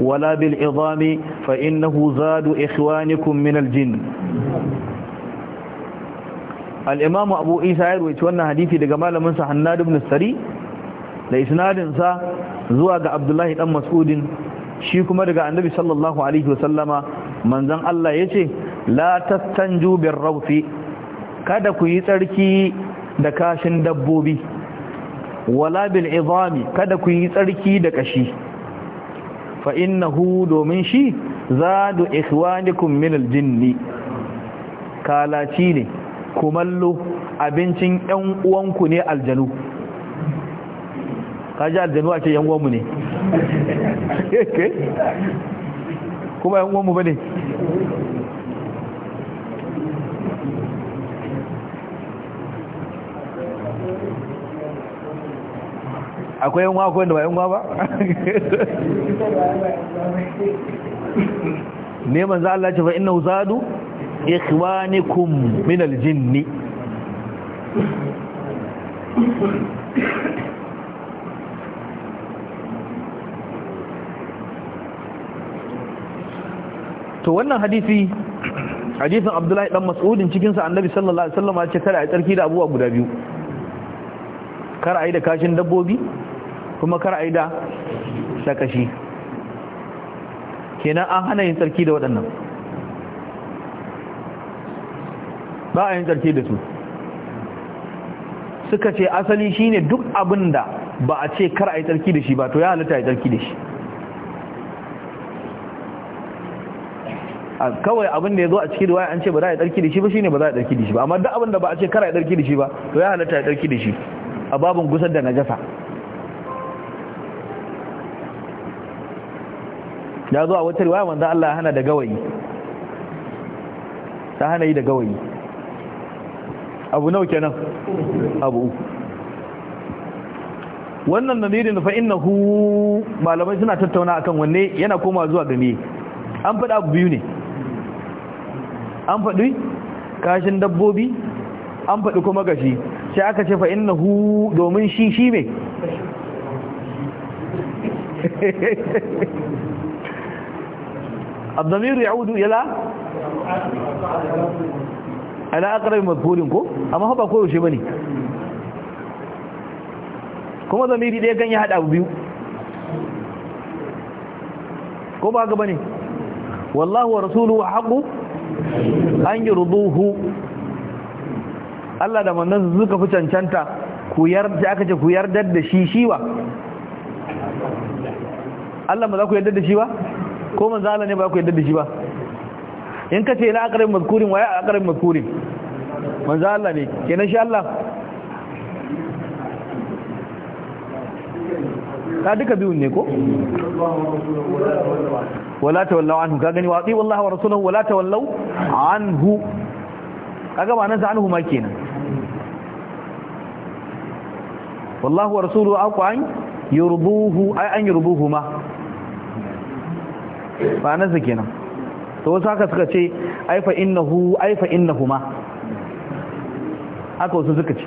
ولا بالعظام فإنه زاد إخوانكم من الجن al abu isa ya ruwaci wannan hadisi daga malamin sa hannadu ibn sari da isnadin sa zuwa ga abdullahi dan mas'udin shi kuma daga annabi sallallahu alaihi wasallama manzon Allah ce la tastanju bir rawfi kada ku yi tsarki da kashin dabbobi wala bil izami kada ku yi tsarki da kashi fa innahu domin shi zadu ikhwanikum min al jinni kalaci ne kumallo abincin yan uwanku ne aljanu kaji aljanu a ce yan uwanmu ne kuma yan uwanmu ba ne akwai yan uwa ko wanda ba yan uwa ba Neman za'ala Allah ce fa innahu zadu ikhwanikum min aljinn to wannan hadisi hadisin abdullahi dan mas'udin cikin sa annabi sallallahu alaihi wasallam ya ce kada a tsarki da abubuwa guda biyu kar a yi da kashin dabbobi kuma kar a yi da shakashi kenan an hana yin tsarki da waɗannan ba a yin da su suka ce asali shine duk abin da ba a ce kar a yi tsarki da shi ba to ya halitta yi tsarki da shi kawai abin da ya zo a cikin waya an ce ba za a yi tsarki da shi ba shi ne ba za a yi tsarki da shi ba amma duk abin da ba a ce kar a yi tsarki da shi ba to ya halitta yi tsarki da shi a babin gusar da najasa ya zo a wata ruwaya wanda Allah ya hana da gawayi ta hana yi da gawayi abu nawa kenan abu uku wannan fa'in fa innahu malamai suna tattauna akan wanne yana koma zuwa game an faɗa abu biyu ne an faɗi kashin dabbobi an faɗi kuma gashi sai aka ce fa innahu domin shi shi me ya wudu yala. ana aqrabi madhkurin ko amma ba ko yaushe bane kuma zamiri dai kan ya hada abu biyu ko ba ga bane wallahu wa rasuluhu haqu an yurduhu Allah da manzon suka fi cancanta ku yarda aka ce ku yarda da shi shiwa Allah ba za ku yarda da shi ba ko manzo Allah ne ba ku yarda da shi ba in ka ce na akarin mazkurin waye akarin mazkurin manzo Allah ne kenan shi Allah ka duka biyun ne ko wala tawallaw anhu ka gani wati wallahi wa rasuluhu wala tawallaw anhu kaga ba nan sa anhu ma kenan wallahu wa rasuluhu aqwan yurduhu ay an yurduhuma ba nan sa kenan to wasu haka suka ce aifa innahu aifa ma, haka wasu suka ce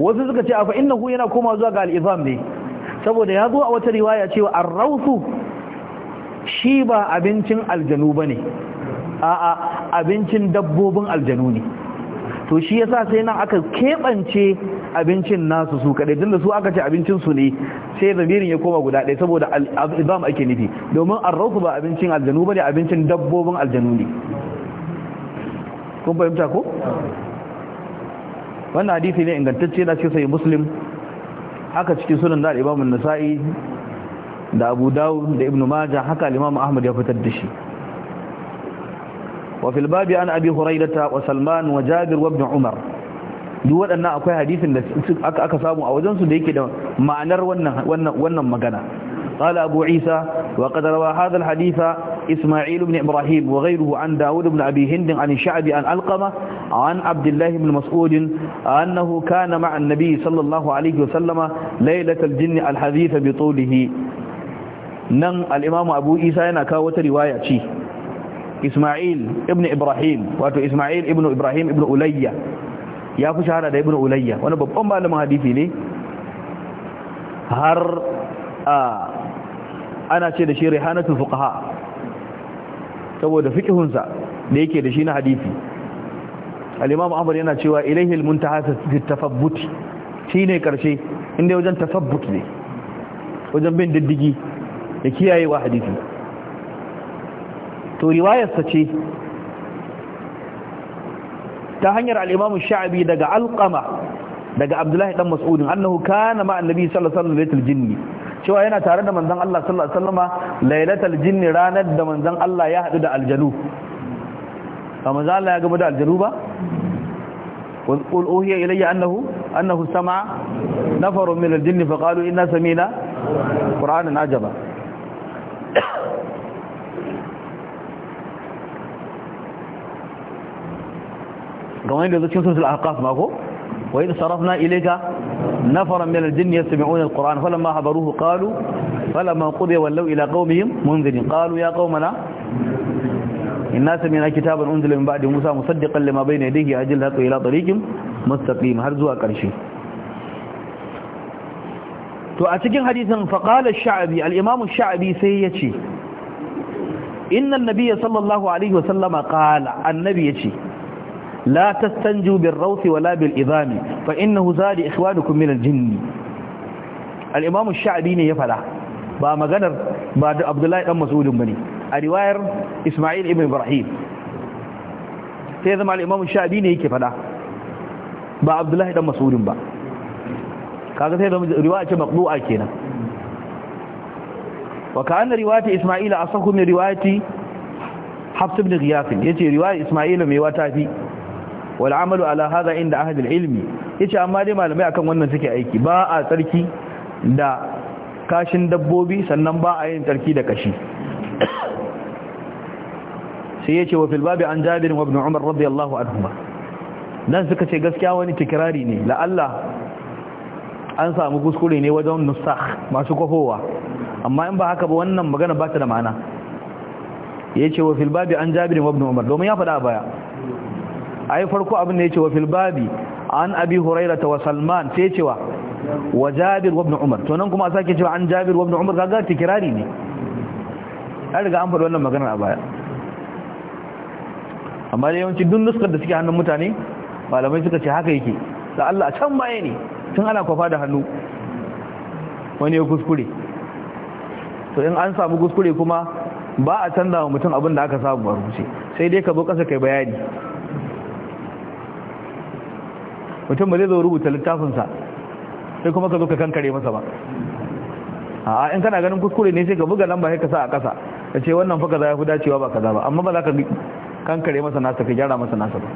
wasu suka ce afa innahu yana koma zuwa ga al'izam ne saboda ya zo a wata riwaya cewa ar shi ba abincin aljanu ba ne, a'a abincin dabbobin aljanu ne to shi yasa sai nan aka keɓance abincin nasu su kaɗai tunda su aka ce abincin su ne sai zamirin ya koma guda ɗaya saboda al-izam ake nufi domin arrauku ba abincin aljanu ba abincin dabbobin aljanu ne kun fahimta ko wannan hadisi ne ingantacce na cikin sai muslim haka cikin sunan da imamun nasa'i da abu dawud da ibnu majah haka al-imam ahmad ya fitar da shi وفي الباب عن أبي هريرة وسلمان وجابر وابن عمر duk waɗannan akwai hadisin da aka samu a wajensu da yake da ma'anar wannan magana قال أبو عيسى وقد روى هذا الحديث إسماعيل بن إبراهيم وغيره عن داود بن أبي هند عن الشعب عن ألقمة عن عبد الله بن مسعود أنه كان مع النبي صلى الله عليه وسلم ليلة الجن الحديث بطوله نن الإمام أبو عيسى ينكا وترواية شيء Isma'il ibn Ibrahim wato Isma'il ibn Ibrahim ibn Ulayya ya fi shahara da ibn Ulayya wani babban malamin hadisi ne har ana ce da shi rihanatul fuqaha saboda fiqhunsa da yake da shi na hadisi al-Imam Ahmad yana cewa ilayhi al-muntaha fi tafabbut shine karshe inda wajen tafabbut ne wajen bin diddigi da kiyayewa hadisi to riwayarsa ce ta hanyar al'imamu sha'abi daga alƙama daga abdullahi ɗan mas'udin annahu kana ma annabi sallallahu alaihi jinni cewa yana tare da manzon Allah sallallahu alaihi wasallama lailatul jinni ranar da manzon Allah ya hadu da aljanu ba manzon Allah ya gaba da aljanu ba qul uhiya ilayya annahu annahu sama nafarun min aljinni faqalu inna sami'na qur'anan ajaba kamar yadda zuciyar sun al-ahqaf ma ko wa idh sarafna ilayka nafaran min al-jinni yastami'una al-qur'an falamma habaruhu qalu falamma qudiya wallaw ila qaumihim munzirin qalu ya qaumana inna sami'na kitaban unzila min ba'di musa musaddiqan lima bayna yadayhi ajil haqqi ila tariqin mustaqim har zuwa karshe to a cikin hadisin faqala ash-sha'bi al-imam ash-sha'bi sai yace inna an-nabiyya sallallahu alaihi wa sallama qala annabi yace la tastanju bil rawfi wala bil idami fa innahu zali ikhwanukum min al jinn al imam ash ya fada ba maganar ba da abdullahi dan mas'udin bane a riwayar isma'il ibn ibrahim sai zama al imam ash-sha'bi ne ba abdullahi dan mas'udin ba kaga sai zama riwaya ce maqdu'a kenan wa yace riwaya mai wata fi wal amalu ala hadha inda ahadul ilmi yace amma dai malamai akan wannan suke aiki ba a tsarki da kashin dabbobi sannan ba a yin tsarki da kashi sai yace wa fil babi an jabir ibn umar radiyallahu anhuma Nan suka ce gaskiya wani tikrari ne la Allah an samu kuskure ne wajen nusakh masu kofowa amma in ba haka ba wannan magana ba ta da ma'ana yace wa fil babi an jabir ibn umar domin ya faɗa a baya ai farko abin da yake wa fil babi an abi hurairata wa salman sai cewa wa jabir ibn umar to nan kuma sake cewa an jabir ibn umar kaga tikrari ne an riga an faɗi wannan maganar a baya amma dai yawanci duk nuskar da suke hannun mutane malamai suka ce haka yake da Allah a can baya ne tun ana kwafa da hannu wani ya kuskure to in an samu kuskure kuma ba a canza wa mutum abin da aka samu ba rubuce sai dai ka bo ƙasa kai bayani mutum ba zai zo rubuta littafinsa sai kuma ka zo ka kankare masa ba a in kana ganin kuskure ne sai ka buga lamba sai ka sa a ƙasa ka ce wannan fa kaza ya fi dacewa ba kaza ba amma ba za ka kankare masa nasa ka gyara masa nasa ba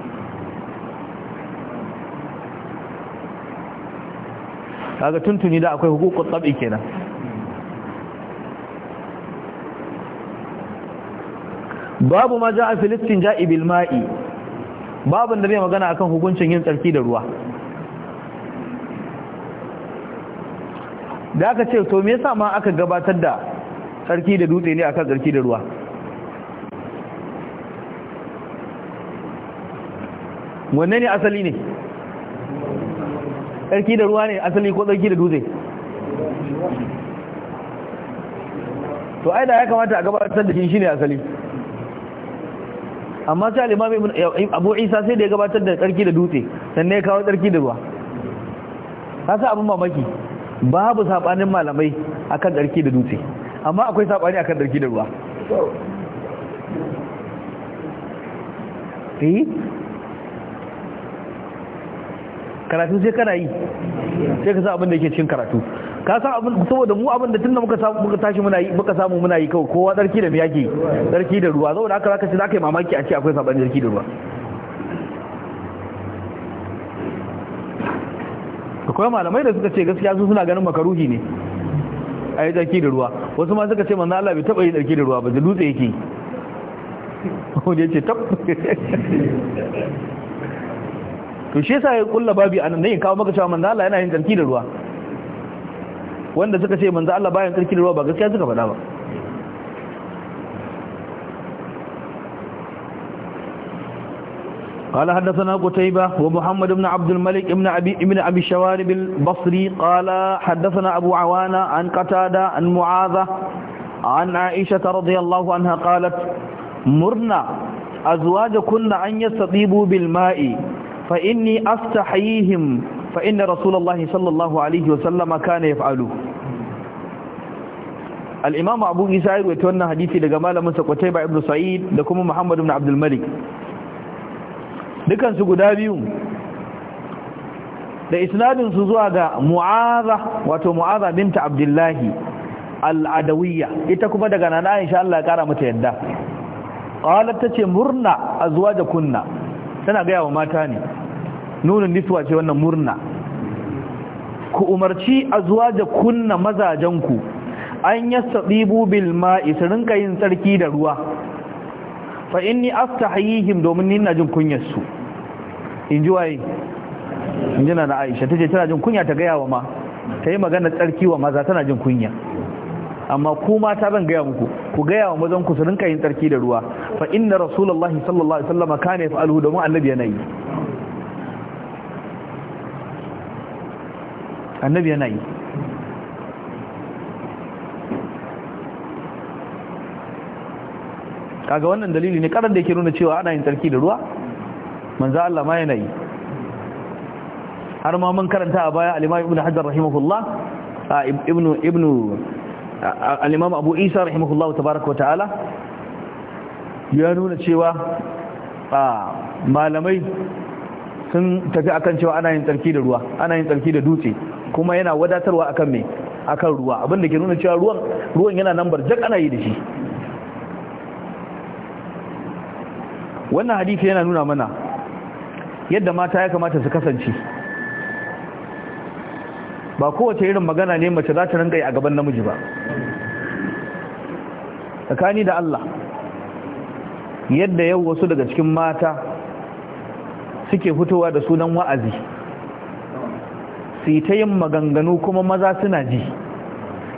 kaga tuntuni da akwai hukukun tsabi kenan babu ma ja'a filistin ja'i bil ma'i babin da zai magana akan hukuncin yin tsarki da ruwa da aka ce to me yasa ma aka gabatar da tsarki da dutse ne akan tsarki da ruwa wanne ne asali ne tsarki da ruwa ne asali ko tsarki da dutse to ai da ya kamata a gabatar da shi shine asali amma sai al abu isa sai da ya gabatar da tsarki da dutse sannan ya kawo tsarki da ruwa kasa abin mamaki babu sabanin malamai akan tsarki da dutse amma akwai sabani akan tsarki da ruwa eh karatu sai kana yi sai ka sa abin da yake cikin karatu ka san abin saboda mu abin da tunda muka samu muka tashi muna yi muka samu muna yi kawai kowa tsarki da miyaki tsarki da ruwa saboda haka zaka ce zaka yi mamaki a ce akwai saban tsarki da ruwa akwai malamai da suka ce gaskiya su suna ganin makaruhi ne a yi tsarki da ruwa wasu ma suka ce manzo Allah bai taba yi tsarki da ruwa ba da dutse yake wanda ya ce tab to shi yasa ya kulla babi anan ne kawo maka cewa manzo Allah yana yin tsarki da ruwa wanda suka ce manzo Allah bayan tsarki da ruwa ba gaskiya suka faɗa ba قال حدثنا قتيبة ومحمد بن عبد الملك بن أبي, بن أبي الشوارب البصري قال حدثنا أبو عوانة عن قتادة عن معاذة عن عائشة رضي الله عنها قالت مرنا أزواجكن أن يستطيبوا بالماء فإني أستحييهم فإن رسول الله صلى الله عليه وسلم كان يفعله al abu isa ya rawaito wannan hadisi daga malamin sa qutayba ibn sa'id da kuma Muhammadu na Abdulmalik malik su guda biyu da isnadinsu zuwa ga mu'aza wato mu'aza binta abdullahi al-adawiyya ita kuma daga nana Aisha Allah ya kara mata yadda qalat tace murna kunna tana gaya wa mata ne nunin niswa ce wannan murna ku umarci da kunna mazajen ku an yastadibu bil ma'i su rinka yin tsarki da ruwa fa afta hayihim domin ni jin kunyarsu in ji waye in ji na Aisha ta ce tana jin kunya ta gaya wa ma ta yi magana tsarki wa maza tana jin kunya amma ku mata zan gaya muku ku gaya wa mazan ku su rinka yin tsarki da ruwa fa na rasulullahi sallallahu alaihi wasallam kana yaf'aluhu domin annabi yana yi annabi yana yi kaga wannan dalili ne karar da yake nuna cewa ana yin tsarki da ruwa manzo Allah ma yana yi har ma mun karanta a baya al-Imam Ibn Hajar rahimahullah ibnu ibnu al-Imam Abu Isa rahimahullah tabaaraka wa ta'ala ya nuna cewa malamai sun tafi akan cewa ana yin tsarki da ruwa ana yin tsarki da dutse kuma yana wadatarwa akan me akan ruwa abinda ke nuna cewa ruwan ruwan yana nan barjak ana yi da shi wannan hadisi yana nuna mana yadda mata ya kamata su kasance ba kowace irin magana ne mace za ta rinka yi a gaban namiji ba tsakani da Allah yadda yau wasu daga cikin mata suke fitowa da sunan wa'azi su yi ta yin maganganu kuma maza suna ji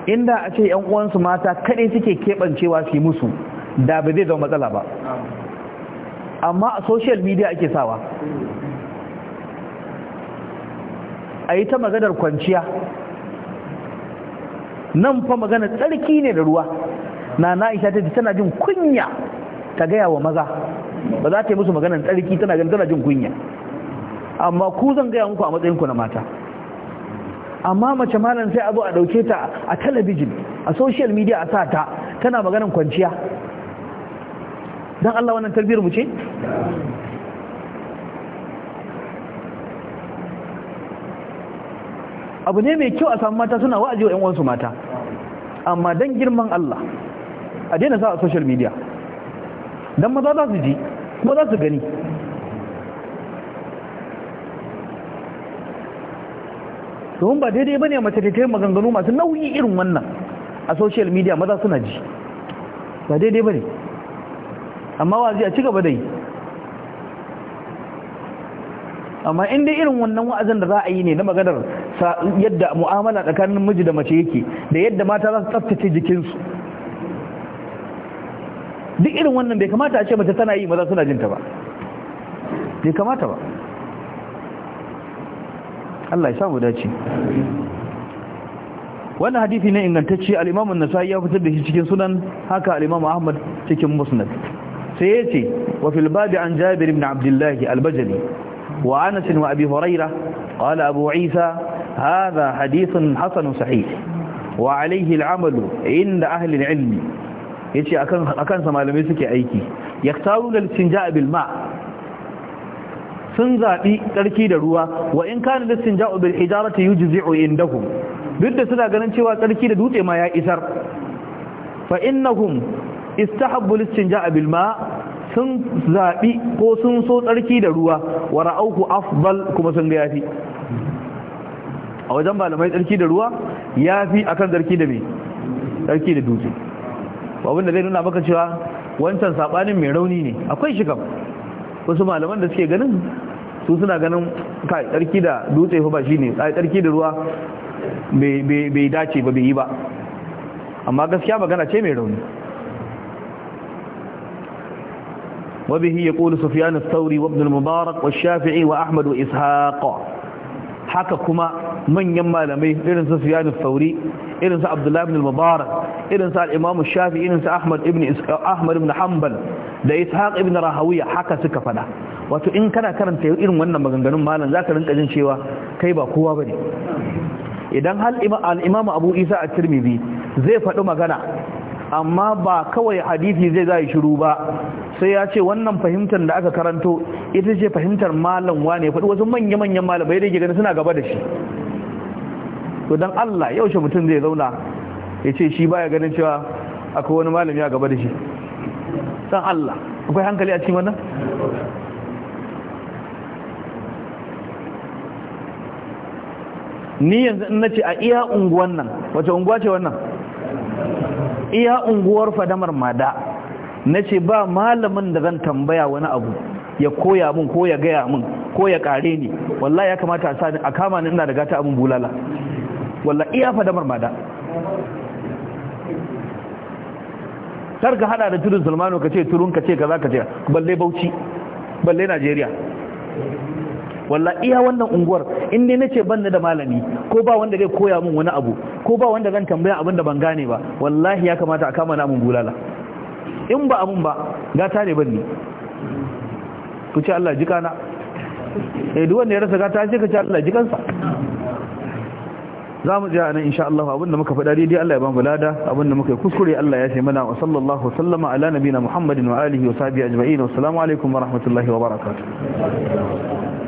inda a ce 'yan uwansu mata kaɗai suke keɓancewa su yi musu da ba zai zama matsala ba amma a social media ake sawa a yi ta maganar kwanciya nan fa maganar tsarki ne da ruwa na na'isha ta tana jin kunya ta gaya wa maza ba za ta yi musu maganar tsarki tana ganin tana jin kunya amma ku zan gaya muku a matsayinku na mata amma mace malam sai a zo a ɗauke ta a talabijin a social media a sa ta tana maganar kwanciya don Allah wannan tarbiyar mu ce abu ne mai kyau a samu mata suna wa'azi wa 'yan uwansu mata amma don girman Allah a daina sa a social media don maza za su ji kuma za su gani domin ba daidai ba ne mace ta yi maganganu masu nauyi irin wannan a social media maza suna ji ba daidai ba ne amma wazi a ci gaba da yi amma inda irin wannan wa'azin da za a yi ne na maganar yadda mu'amala tsakanin miji da mace yake da yadda mata za su tsaftace jikinsu duk irin wannan bai kamata a ce mace tana yi maza suna jinta ba bai kamata ba Allah ya samu dace wannan hadisi ne ingantacce al-Imam an-Nasa'i ya fitar da shi cikin Sunan haka al-Imam Ahmad cikin Musnad sai ya ce wa fil babi an jabir ibn abdullahi albajali wa anas wa abi huraira qala abu isa hadha hadithun hasan sahih wa alayhi al'amalu inda ahli al'ilm yace akan akan sa malamai suke aiki yaktaruna al-istinja' bil ma' sun zaɓi tsarki da ruwa wa in kana listin ja'u bil hijarati yujzi'u indahum duk da suna ganin cewa tsarki da dutse ma ya isar fa innahum istahabbu istinja'a bil ma sun zabi ko sun so tsarki da ruwa wa ra'auhu afdal kuma sun ga yafi a wajen malamai tsarki da ruwa yafi akan tsarki da me tsarki da dutse ba da zai nuna maka cewa wancan sabanin mai rauni ne akwai shi kam wasu malaman da suke ganin su suna ganin kai tsarki da dutse fa ba shine ai tsarki da ruwa bai dace ba bai yi ba amma gaskiya magana ce mai rauni وبه يقول سفيان الثوري وابن المبارك والشافعي وأحمد وإسحاق haka kuma manyan malamai irin su Sufyan al-Thauri irin su Abdullah ibn al irin su al irin su Ahmad ibn Ahmad ibn Hanbal da Ishak ibn Rahawiya haka suka faɗa. wato in kana karanta irin wannan maganganun malam zaka rinka jin cewa kai ba kowa bane idan hal al-Imam Abu Isa at-Tirmidhi zai faɗi magana amma ba kawai hadisi zai zai shiru ba sai ya ce wannan fahimtar da aka karanto ita ce fahimtar malam wane faɗi wasu manya-manyan malamai da ke gani suna gaba da shi to don Allah yaushe mutum zai zauna ya ce shi baya ganin cewa akwai wani malam ya gaba da shi san Allah akwai hankali a cikin wannan ni yanzu in nace a iya unguwan nan wace unguwa ce wannan iya unguwar fadamar mada na ce ba malamin da zan tambaya wani abu ya koya min ko ya gaya min ko ya kare ni wallahi ya kamata a sani a kama ni ina da gata abin bulala wallahi iya fadamar mada kar ka hada da tudun zulmanu ka ce turun ka ce kaza ka ce balle bauchi balle najeriya walla iya wannan unguwar in dai ce ban da malami ko ba wanda zai koya min wani abu ko ba wanda zan tambaya abin da ban gane ba wallahi ya kamata a kama na mun bulala in ba amun ba gata ne banni. ku ce Allah jikana eh duk wanda ya rasa gata sai ka ce Allah jikansa za mu ji anan nan insha Allah abinda muka faɗa daidai Allah ya ba mu lada abinda muka yi kuskure Allah ya ce mana wa sallallahu sallama ala nabina Muhammadin wa alihi wa sahbihi ajma'in wa assalamu alaikum wa rahmatullahi wa barakatuh